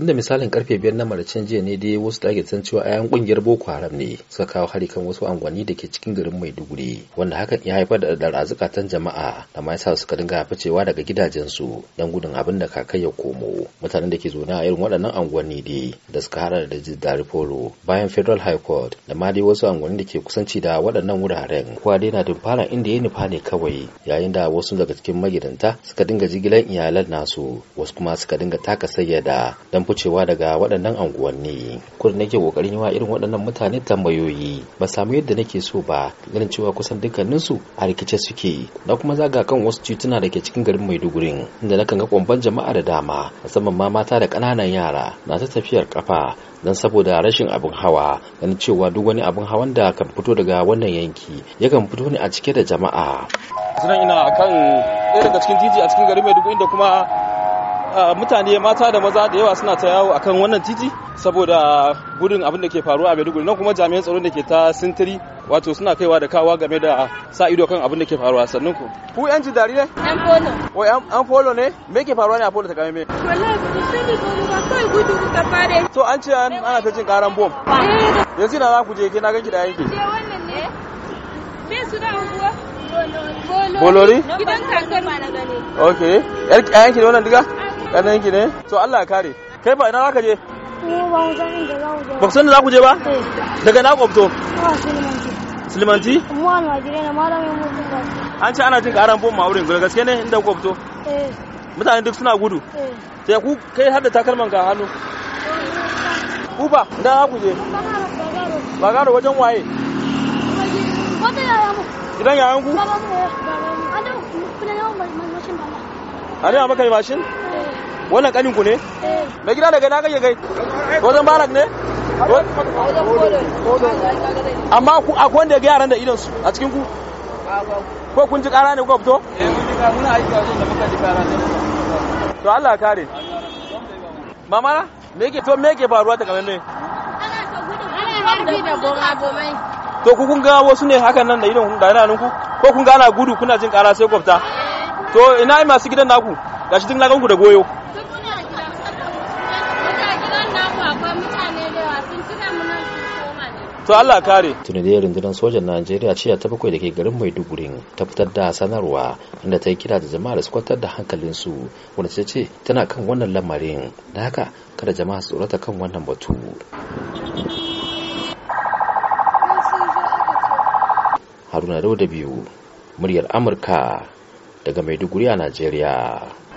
tunda misalin karfe biyar na maracin jiya ne dai wasu da san cewa ayan kungiyar boko haram ne suka kawo hari kan wasu angwani da ke cikin garin maiduguri wanda hakan ya haifar da darazukatan jama'a da ma yasa suka dinga ficewa daga gidajensu don gudun abin da kakai ya komo mutanen da ke zaune a irin waɗannan angwani ne da suka hada da jidari foro bayan federal high court da ma dai wasu angwani da ke kusanci da waɗannan wuraren kowa dai na dumfara inda ya nufa ne kawai yayin da wasu daga cikin magidanta suka dinga jigilan iyalan nasu wasu kuma suka dinga taka sayyada don kucewa daga waɗannan anguwanni da nake kokarin yawa irin waɗannan mutane tambayoyi ba samu yadda nake so ba ganin cewa kusan su a rikice suke na kuma zaga kan wasu tituna da ke cikin garin Maiduguri inda nakan ga kwamban jama'a da dama musamman ma mata da ƙananan yara na ta tafiyar kafa don saboda rashin abin hawa ganin cewa duk wani abin hawan da kan fito daga wannan yanki yakan fito ne a cike da jama'a. Sunan ina akan ɗaya daga cikin titi a cikin garin Maiduguri da kuma mutane mata da maza da yawa suna ta yawo akan wannan titi saboda gudun abin da ke faruwa a Maiduguri nan kuma jami'an tsaron da ke ta sintiri wato suna kaiwa da kawa game da sa ido kan abin da ke faruwa sannan ku ku yan jidari ne an polo wai an polo ne me ke faruwa ne a polo ta kame me wallahi ku sani ko ba kai gudu ka fare to an ce an ana ta jin karan bom eh. yanzu na za ku je ke na ganki da yanki je wannan ne me su da unguwa bolori gidan kankan ma na gane okay ki da wannan diga kanan ki ne to Allah ya kare kai ba ina zaka je ni ba ku san inda za ku je ba ku san inda za ku je ba eh. daga na kwabto Silimanti? Mu an wajire na malamin mutum ba. An ce ana jin karan bom ma wurin gaske ne inda ku fito? Eh. Mutane duk suna gudu? Eh. Sai ku kai har da takalman ka hannu. Uba, da ku je. Bagaro wajen waye? Wata yaya mu. Idan yayan ku? Baba mu. ya Ada ku kuna yawan mashin bala. Ada maka mashin? wannan kanin ku ne eh. mai gida daga na kake kai wajen balak ne amma ku a wanda ya ga yaran da idan su a cikin ku ko kun ji kara ne ko fito eh, to Allah kare mama na me yake to me yake faruwa ta kamar ne to ku kun ga wasu ne hakan nan da idan da yana ku ko kun ga ana gudu kuna jin kara sai kwafta eh. to ina masu gidan naku gashi tun na ganku da goyo to Allah kare tuni da rundunar sojan Najeriya ce ta bakwai da ke garin Maiduguri ta fitar da sanarwa inda ta yi kira da jama'a da su kwantar da hankalinsu wanda ta ce tana kan wannan lamarin da haka kada jama'a su tsorata kan wannan batu Haruna Dauda biyu muryar Amurka daga Maiduguri a Najeriya